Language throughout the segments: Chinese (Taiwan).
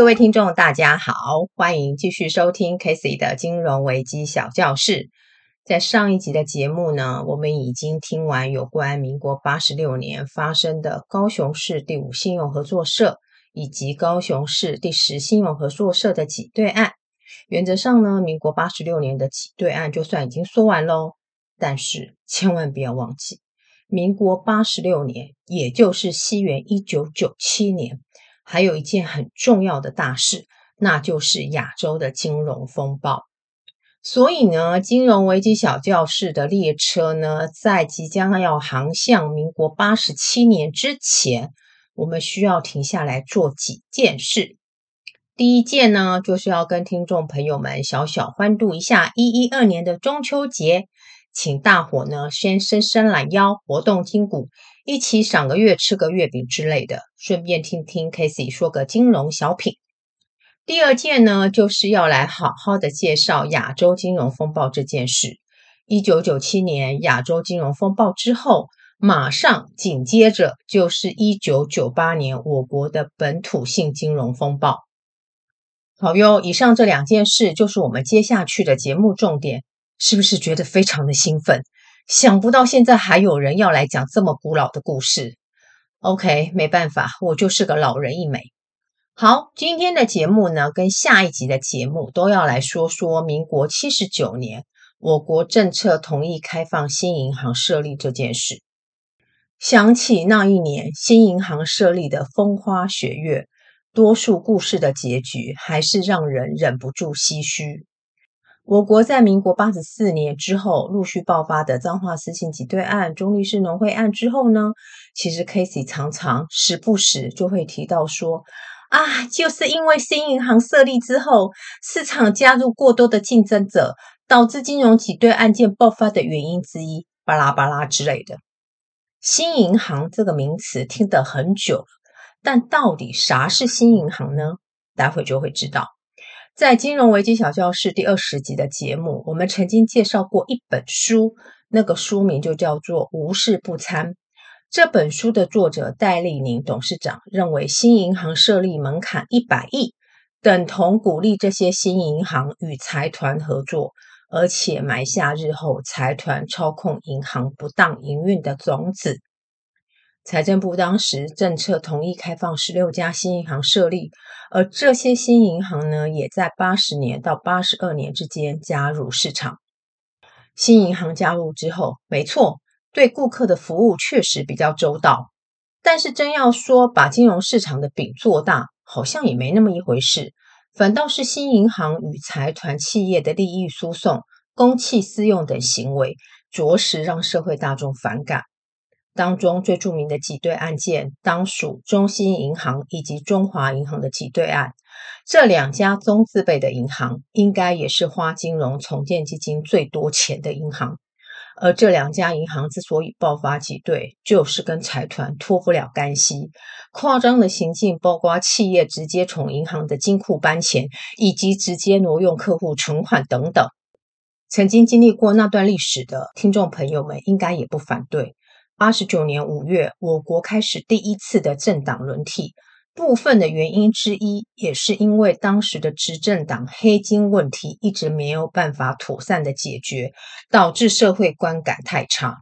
各位聽眾，大家好，歡迎繼續收聽 KC 的金融危機小教室。在上一集的節目呢，我們已經聽完有關民國八十六年發生的高雄市第五信用合作社以及高雄市第十信用合作社的擠兌案。原則上呢，民國八十六年的擠兌案就算已經說完嘍，但是千萬不要忘記，民國八十六年，也就是西元一九九七年。還有一件很重要的大事，那就是亞洲的金融風暴。所以呢，金融危機小教室的列車呢，在即將要航向民國八十七年之前，我們需要停下來做幾件事。第一件呢，就是要跟聽眾朋友們小小歡度一下一一二年的中秋節，請大夥呢先伸伸懶腰，活動筋骨。一起賞個月吃個月餅之類的，順便聽聽 Casey 說個金融小品。第二件呢，就是要來好好的介紹亞洲金融風暴這件事。一九九七年亞洲金融風暴之後，馬上緊接着就是一九九八年我國的本土性金融風暴。好喲，以上這兩件事就是我們接下去的節目重點，是不是覺得非常的興奮？想不到現在還有人要來講這麼古老的故事。OK，沒辦法，我就是個老人一枚。好，今天的節目呢，跟下一集的節目都要來說說民國七十九年我國政策同意開放新銀行設立這件事。想起那一年新銀行設立的風花雪月，多數故事的結局還是讓人忍不住唏噓。我國在民國八十四年之後陸續爆發的彰化四信擠兌案、中壢市農會案之後呢，其實 Casey 常常時不時就會提到說，啊，就是因為新銀行設立之後，市場加入過多的競爭者，導致金融擠兌案件爆發的原因之一，巴拉巴拉之類的。新銀行這個名詞聽得很久，但到底啥是新銀行呢？待會就會知道。在金融危機小教室第二十集的節目，我們曾經介紹過一本書，那個書名就叫做《無事不參》。這本書的作者戴立寧董事長認為，新銀行設立門檻一百億，等同鼓勵這些新銀行與財團合作，而且埋下日後財團操控銀行不當營運的種子。財政部當時政策同意開放十六家新銀行設立，而這些新銀行呢，也在八十年到八十二年之間加入市場。新銀行加入之後，沒錯，對顧客的服務確實比較周到。但是真要說把金融市場的餅做大，好像也沒那麼一回事。反倒是新銀行與財團企業的利益輸送、公器私用等行為，着實讓社會大眾反感。當中最著名的擠兌案件，當屬中興銀行以及中華銀行的擠兌案。這兩家中字輩的銀行，應該也是花金融重建基金最多錢的銀行。而這兩家銀行之所以爆發擠兌，就是跟財團脫不了干係。誇張的行徑包括企業直接從銀行的金庫搬錢，以及直接挪用客戶存款等等。曾經經歷過那段歷史的聽眾朋友們，應該也不反對。八十九年五月，我國開始第一次的政黨輪替，部分的原因之一，也是因為當時的執政黨黑金問題一直沒有辦法妥善的解決，導致社會觀感太差。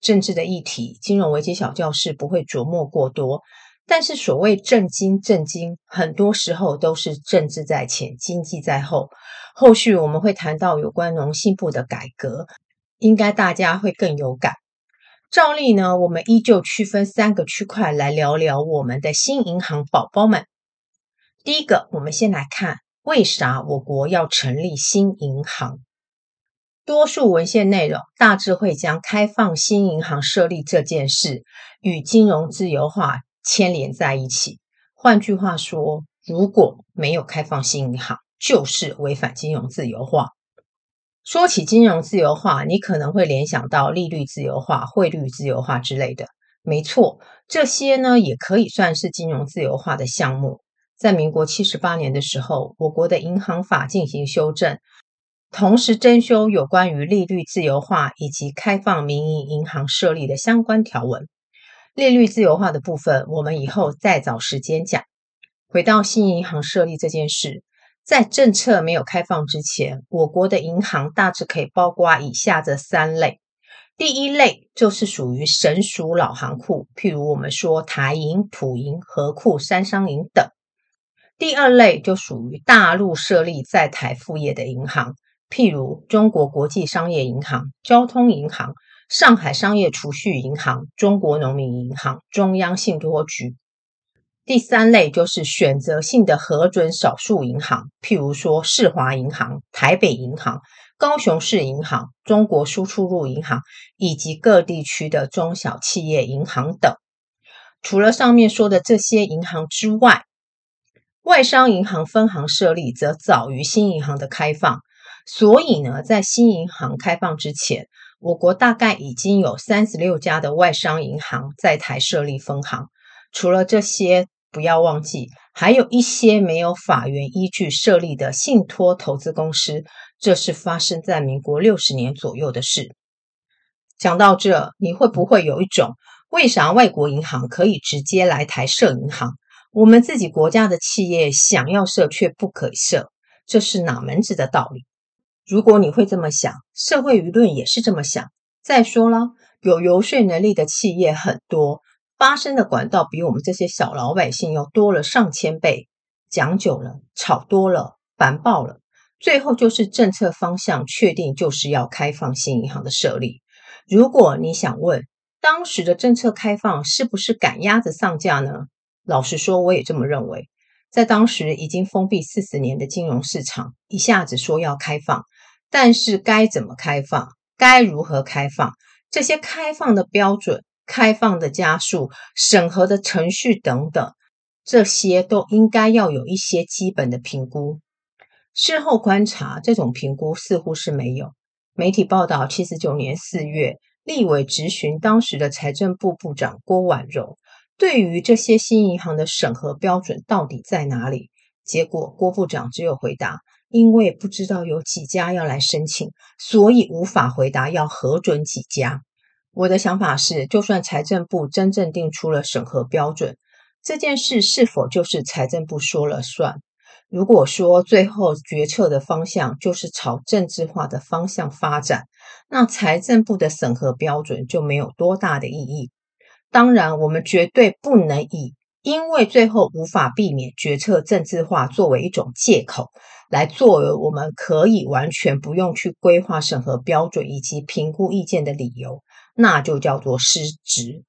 政治的議題，金融危機小教室不會琢磨過多，但是所謂政經政經，很多時候都是政治在前，經濟在後。後續我們會談到有關農信部的改革，應該大家會更有感。照例呢，我們依舊區分三個區塊來聊聊我們的新銀行寶寶們。第一個，我們先來看為啥我國要成立新銀行。多數文獻內容大致會將開放新銀行設立這件事與金融自由化牽連在一起。換句話說，如果沒有開放新銀行，就是違反金融自由化。說起金融自由化，你可能會聯想到利率自由化、匯率自由化之類的。沒錯，這些呢也可以算是金融自由化的項目。在民國七十八年的時候，我國的銀行法進行修正，同時增修有關於利率自由化以及開放民營銀行設立的相關條文。利率自由化的部分，我們以後再找時間講。回到新銀行設立這件事。在政策沒有開放之前，我國的銀行大致可以包括以下這三類：第一類就是屬於省屬老行庫，譬如我們說台銀、土銀、合庫、三商銀等；第二類就屬於大陸設立在台復業的銀行，譬如中國國際商業銀行、交通銀行、上海商業儲蓄銀行、中國農民銀行、中央信托局。第三類就是選擇性的核准少數銀行，譬如說世華銀行、台北銀行、高雄市銀行、中國輸出入銀行以及各地區的中小企業銀行等。除了上面說的這些銀行之外，外商銀行分行設立則早於新銀行的開放，所以呢，在新銀行開放之前，我國大概已經有三十六家的外商銀行在台設立分行。除了這些。不要忘記，還有一些沒有法源依據設立的信託投資公司，這是發生在民國六十年左右的事。講到這，你會不會有一種，為啥外國銀行可以直接來台設銀行，我們自己國家的企業想要設卻不可以設，這是哪門子的道理？如果你會這麼想，社會輿論也是這麼想。再說了，有遊說能力的企業很多。發生的管道比我們這些小老百姓要多了上千倍，講久了，吵多了，煩爆了。最後就是政策方向確定，就是要開放新銀行的設立。如果你想問當時的政策開放是不是趕鴨子上架呢？老實說，我也這麼認為。在當時已經封閉四十年的金融市場，一下子說要開放，但是該怎麼開放，該如何開放，這些開放的標準。開放的家數、審核的程序等等，這些都應該要有一些基本的評估。事後觀察，這種評估似乎是沒有。媒體報道，七十九年四月，立委質詢當時的財政部部長郭婉容，對於這些新銀行的審核標準到底在哪裡？結果，郭部長只有回答：因為不知道有幾家要來申請，所以無法回答要核准幾家。我的想法是，就算財政部真正定出了審核標準，這件事是否就是財政部說了算？如果說最後決策的方向就是朝政治化的方向發展，那財政部的審核標準就沒有多大的意義。當然，我們絕對不能以因為最後無法避免決策政治化作為一種借口，來作為我們可以完全不用去規劃審核標準以及評估意見的理由。那就叫做失職。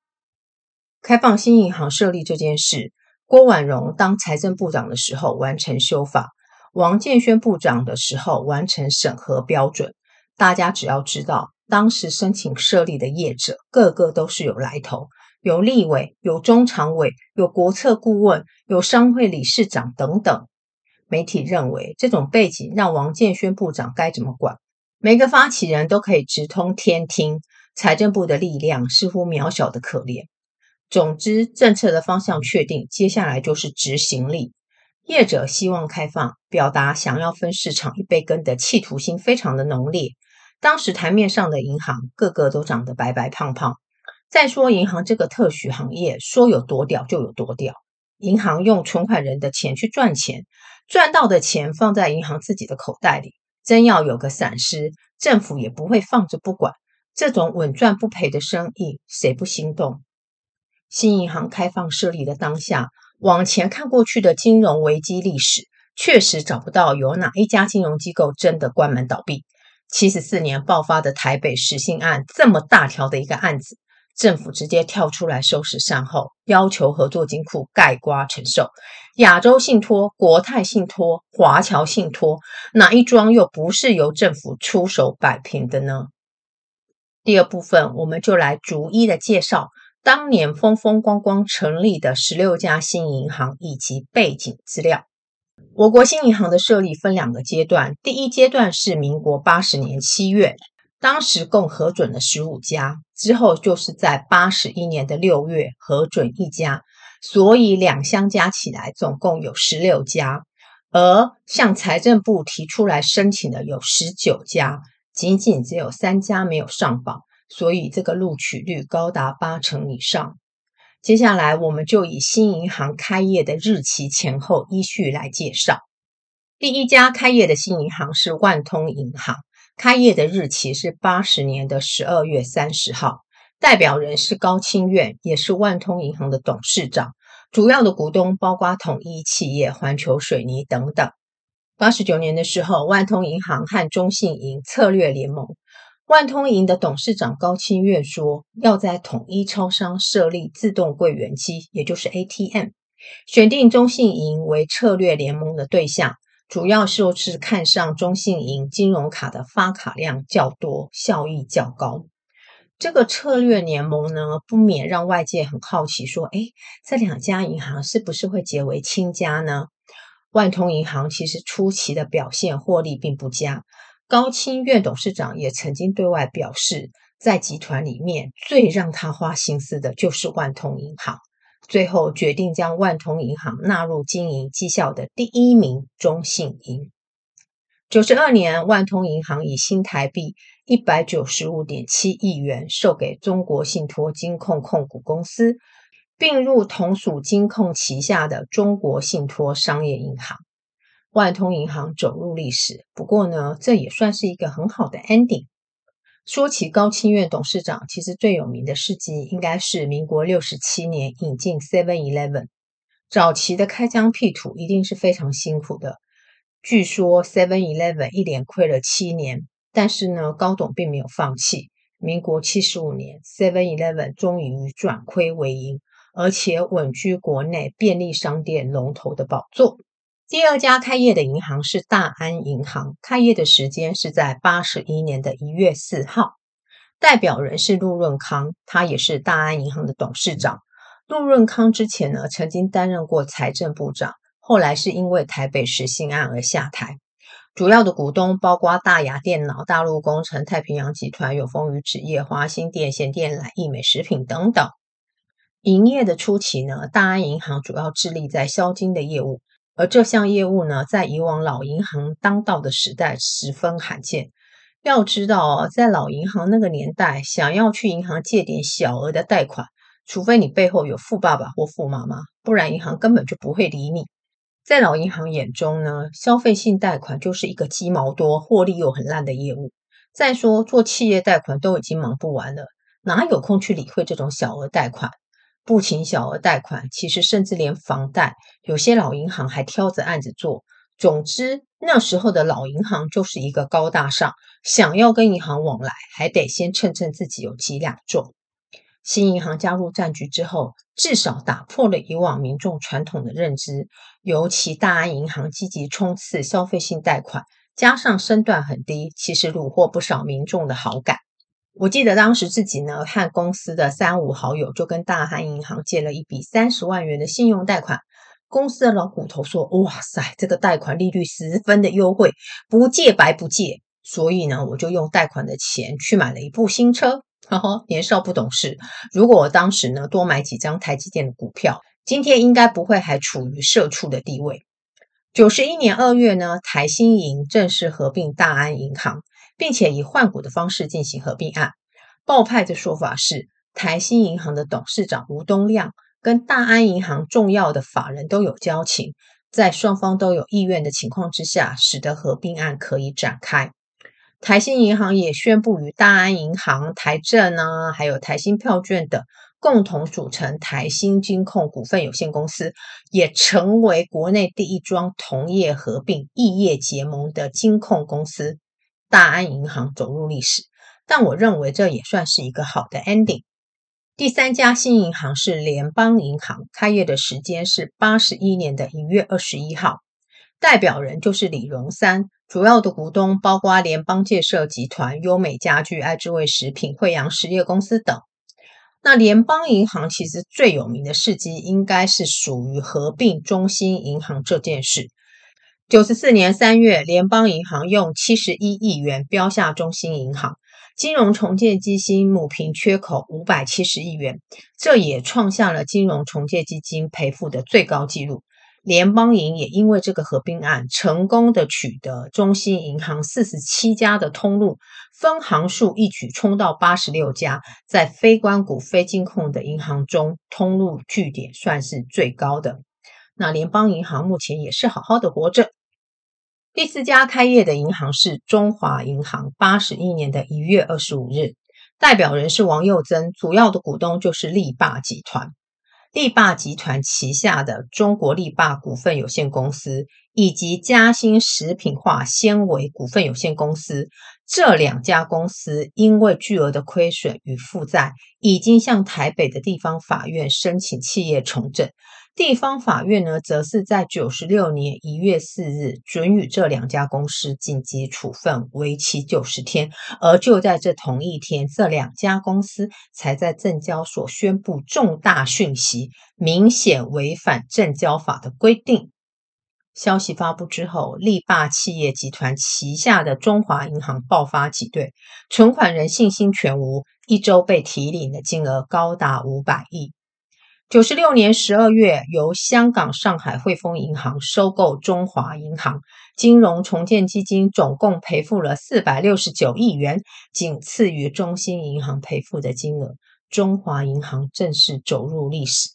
開放新銀行設立這件事，郭婉容當財政部長的時候完成修法，王建煊部長的時候完成審核標準。大家只要知道，當時申請設立的業者個個都是有來頭，有立委，有中常委，有國策顧問，有商會理事長等等。媒體認為，這種背景讓王建煊部長該怎麼管？每個發起人都可以直通天聽。財政部的力量似乎渺小得可憐。總之，政策的方向確定，接下來就是執行力。業者希望開放，表達想要分市場一杯羹的企圖心非常的濃烈。當時台面上的銀行個個都長得白白胖胖。再說，銀行這個特許行業，說有多屌就有多屌。銀行用存款人的錢去賺錢，賺到的錢放在銀行自己的口袋裡，真要有個閃失，政府也不會放着不管。這種穩賺不賠的生意，誰不心動？新銀行開放設立的當下，往前看過去的金融危機歷史，確實找不到有哪一家金融機構真的關門倒閉。七十四年爆發的台北十信案這麼大條的一個案子，政府直接跳出來收拾善後，要求合作金庫概括承受。亞洲信託、國泰信託、華僑信託，哪一樁又不是由政府出手擺平的呢？第二部分，我們就來逐一的介紹當年風風光光成立的十六家新銀行以及背景資料。我國新銀行的設立分兩個階段，第一階段是民國八十年七月，當時共核准了十五家，之後就是在八十一年的六月核准一家，所以兩相加起來總共有十六家，而向財政部提出來申請的有十九家。僅僅只有三家沒有上榜，所以這個錄取率高達八成以上。接下來，我們就以新銀行開業的日期前後依序來介紹。第一家開業的新銀行是萬通銀行，開業的日期是八十年的十二月三十號，代表人是高清願，也是萬通銀行的董事長。主要的股東包括統一企業、環球水泥等等。八十九年的時候，萬通銀行和中信銀策略聯盟。萬通銀的董事長高清月說，要在統一超商設立自動櫃員機，也就是 ATM，選定中信銀為策略聯盟的對象，主要就是看上中信銀金融卡的發卡量較多，效益較高。這個策略聯盟呢，不免讓外界很好奇說，誒，這兩家銀行是不是會結為親家呢？萬通銀行其實初期的表現獲利並不佳，高清願董事長也曾經對外表示，在集團裡面最讓他花心思的就是萬通銀行，最後決定將萬通銀行納入經營績效的第一名中信銀。九十二年，萬通銀行以新台幣一百九十五點七億元售給中國信託金控控股公司。併入同屬金控旗下的中國信託商業銀行，萬通銀行走入歷史。不過呢，這也算是一個很好的 ending。說起高清願董事長，其實最有名的事蹟應該是民國六十七年引進 Seven Eleven。早期的開疆闢土一定是非常辛苦的。據說 Seven Eleven 一連虧了七年，但是呢，高董並沒有放棄。民國七十五年，Seven Eleven 終於轉虧為盈。而且穩居國內便利商店龍頭的寶座。第二家開業的銀行是大安銀行，開業的時間是在八十一年的一月四號。代表人是陸潤康，他也是大安銀行的董事長。陸潤康之前呢，曾經擔任過財政部長，後來是因為台北十信案而下台。主要的股東包括大雅電腦、大陸工程、太平洋集團、永豐餘紙業花、華興電線電纜、義美食品等等。營業的初期呢，大安銀行主要致力在消金的業務，而這項業務呢，在以往老銀行當道的時代十分罕見。要知道哦，在老銀行那個年代，想要去銀行借點小額的貸款，除非你背後有富爸爸或富媽媽，不然銀行根本就不會理你。在老銀行眼中呢，消費性貸款就是一個雞毛多、獲利又很爛的業務。再說做企業貸款都已經忙不完了，哪有空去理會這種小額貸款？不僅小額貸款，其實甚至連房貸，有些老銀行還挑着案子做。總之，那時候的老銀行就是一個高大上，想要跟銀行往來，還得先稱稱自己有幾兩重。新銀行加入戰局之後，至少打破了以往民眾傳統的認知，尤其大安銀行積極衝刺消費性貸款，加上身段很低，其實虜獲不少民眾的好感。我記得當時自己呢，和公司的三五好友就跟大安銀行借了一筆三十萬元的信用貸款。公司的老骨頭說：“哇塞，這個貸款利率十分的優惠，不借白不借。”所以呢，我就用貸款的錢去買了一部新車。呵呵，年少不懂事，如果我當時呢多買幾張台積電的股票，今天應該不會還處於社畜的地位。九十一年二月呢，台新銀正式合併大安銀行。並且以換股的方式進行合併案。報派的說法是，台新銀行的董事長吳東亮跟大安銀行重要的法人都有交情，在雙方都有意願的情況之下，使得合併案可以展開。台新銀行也宣布與大安銀行、台證呢、啊，還有台新票券等共同組成台新金控股份有限公司，也成為國內第一樁同業合併、異業結盟的金控公司。大安銀行走入歷史，但我認為這也算是一個好的 ending。第三家新銀行是聯邦銀行，開業的時間是八十一年的一月二十一號，代表人就是李榮三，主要的股東包括聯邦建設集團、優美家具、愛之味食品、惠陽實業公司等。那聯邦銀行其實最有名的事蹟，應該是屬於合併中心銀行這件事。九十四年三月，聯邦銀行用七十一億元標下中興銀行，金融重建基金彌平缺口五百七十億元，這也創下了金融重建基金賠付的最高紀錄。聯邦銀也因為這個合併案成功的取得中興銀行四十七家的通路分行數，一舉衝到八十六家，在非官股非金控的銀行中，通路據點算是最高的。那聯邦銀行目前也是好好的活着。第四家開業的銀行是中華銀行，八十一年的一月二十五日，代表人是王又曾，主要的股東就是力霸集團。力霸集團旗下的中國力霸股份有限公司以及嘉新食品化纖維股份有限公司這兩家公司，因為巨額的虧損與負債，已經向台北的地方法院申請企業重整。地方法院呢，則是在九十六年一月四日准予這兩家公司緊急處分，為期九十天。而就在這同一天，這兩家公司才在證交所宣布重大訊息，明顯違反證交法的規定。消息發布之後，力霸企業集團旗下的中華銀行爆發擠兌，存款人信心全無，一周被提領的金額高達五百億。九十六年十二月，由香港上海匯豐銀行收購中華銀行，金融重建基金總共賠付了四百六十九億元，僅次於中興銀行賠付的金額。中華銀行正式走入歷史。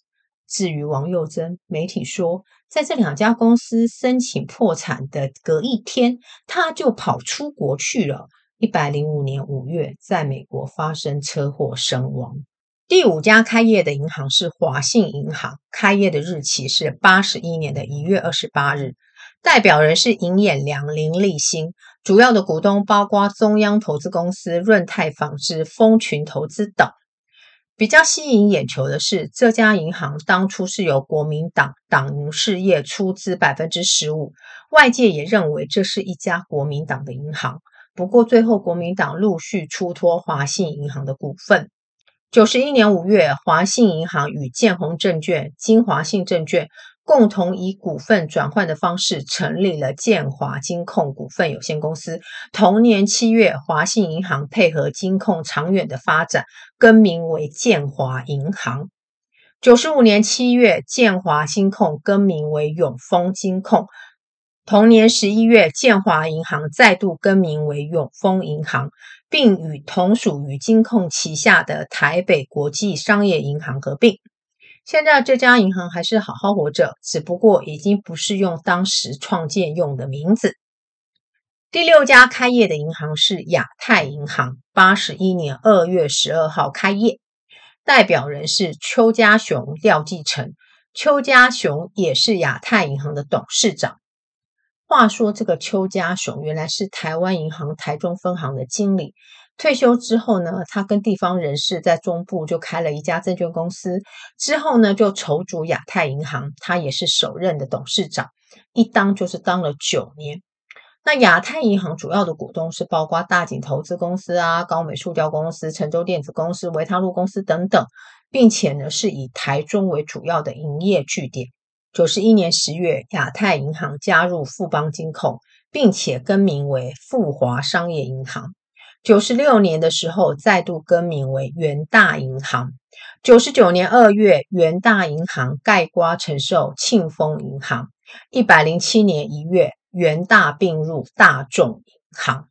至於王幼珍，媒體說，在這兩家公司申請破產的隔一天，他就跑出國去了。一百零五年五月，在美國發生車禍身亡。第五家開業的銀行是華信銀行，開業的日期是八十一年的一月二十八日，代表人是尹衍梁、林立新，主要的股東包括中央投資公司潤、潤泰紡織、豐群投資等。比較吸引眼球的是，這家銀行當初是由國民黨黨營事業出資百分之十五，外界也認為這是一家國民黨的銀行。不過最後，國民黨陸續出脫華信銀行的股份。九十一年五月，華信銀行與建弘證券、金華信證券共同以股份轉換的方式成立了建華金控股份有限公司。同年七月，華信銀行配合金控長遠的發展，更名為建華銀行。九十五年七月，建華金控更名為永豐金控。同年十一月，建華銀行再度更名為永豐銀行，並與同屬於金控旗下的台北國際商業銀行合併。現在這家銀行還是好好活着，只不過已經不是用當時創建用的名字。第六家開業的銀行是亞太銀行，八十一年二月十二號開業，代表人是邱家雄、廖繼成。邱家雄也是亞太銀行的董事長。話說這個邱家雄原來是台灣銀行台中分行的經理，退休之後呢，他跟地方人士在中部就開了一家證券公司，之後呢就籌組亞太銀行，他也是首任的董事長，一當就是當了九年。那亞太銀行主要的股東是包括大井投資公司啊、高美塑膠公司、誠洲電子公司、維他露公司等等，並且呢是以台中為主要的營業據點。九十一年十月，亞太銀行加入富邦金控，並且更名為富華商業銀行。九十六年的時候，再度更名為元大銀行。九十九年二月，元大銀行概括承受慶豐銀行。一百零七年一月，元大併入大眾銀行。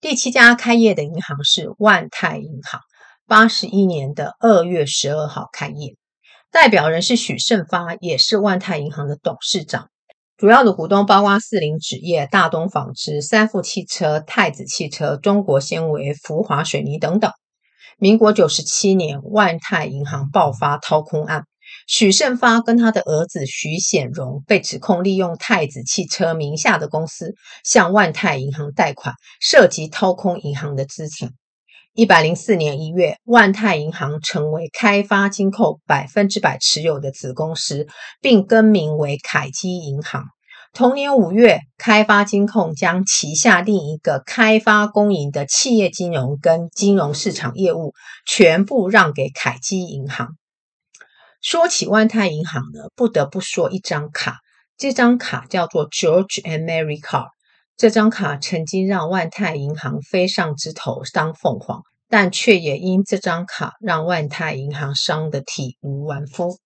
第七家開業的銀行是萬泰銀行，八十一年的二月十二號開業。代表人是許勝發，也是萬泰銀行的董事長。主要的股東包括四零紙業、大東紡織、三富汽車、太子汽車、中國纖維、福華水泥等等。民國九十七年，萬泰銀行爆發掏空案，許勝發跟他的兒子許顯榮被指控利用太子汽車名下的公司向萬泰銀行貸款，涉及掏空銀行的資產。一百零四年一月，萬泰銀行成為開發金控百分之百持有的子公司，並更名為凱基銀行。同年五月，開發金控將旗下另一個開發工銀的企業金融跟金融市場業務全部讓給凱基銀行。說起萬泰銀行呢，不得不說一張卡，這張卡叫做 George and Mary Card。這張卡曾經讓萬泰銀行飛上枝頭當鳳凰，但卻也因這張卡讓萬泰銀行傷得體無完膚。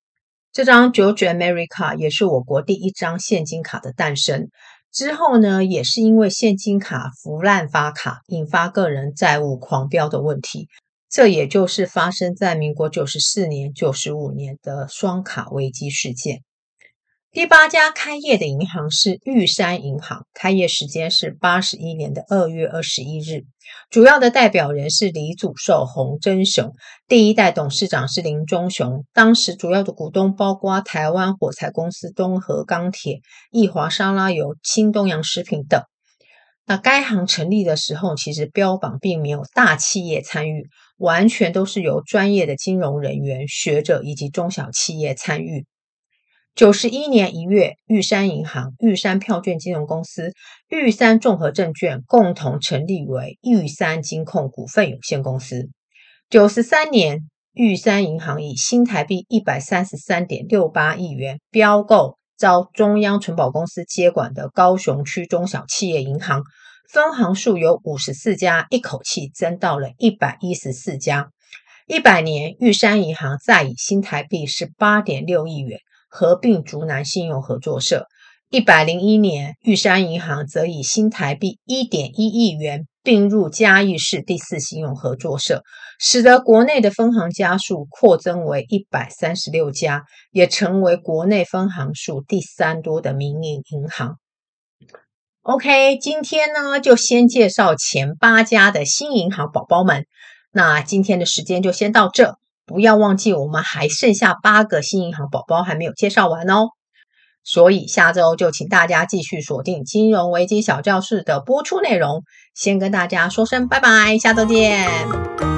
這張 George & Mary 也是我國第一張現金卡的誕生。之後呢，也是因為現金卡浮濫發卡，引發個人債務狂飆的問題。這也就是發生在民國九十四年、九十五年的雙卡危機事件。第八家開業的銀行是玉山銀行，開業時間是八十一年的二月二十一日，主要的代表人是李祖壽、洪真雄，第一代董事長是林忠雄。當時主要的股東包括台灣火柴公司、東和鋼鐵、益華沙拉油、新東陽食品等。那該行成立的時候，其實標榜並沒有大企業參與，完全都是由專業的金融人員、學者以及中小企業參與。九十一年一月，玉山銀行、玉山票券金融公司、玉山綜合證券共同成立為玉山金控股份有限公司。九十三年，玉山銀行以新台幣一百三十三點六八億元標購遭中央存保公司接管的高雄區中小企業銀行，分行數由五十四家一口氣增到了一百一十四家。一百年，玉山銀行再以新台幣十八點六億元。合併竹南信用合作社，一百零一年玉山銀行則以新台幣一點一億元併入嘉義市第四信用合作社，使得國內的分行家數擴增為一百三十六家，也成為國內分行數第三多的民營銀行。OK，今天呢就先介紹前八家的新銀行寶寶們，那今天的時間就先到這。不要忘記，我們還剩下八個新銀行寶寶還沒有介紹完哦，所以下周就請大家繼續鎖定《金融危機小教室》的播出內容。先跟大家說聲拜拜，下周見。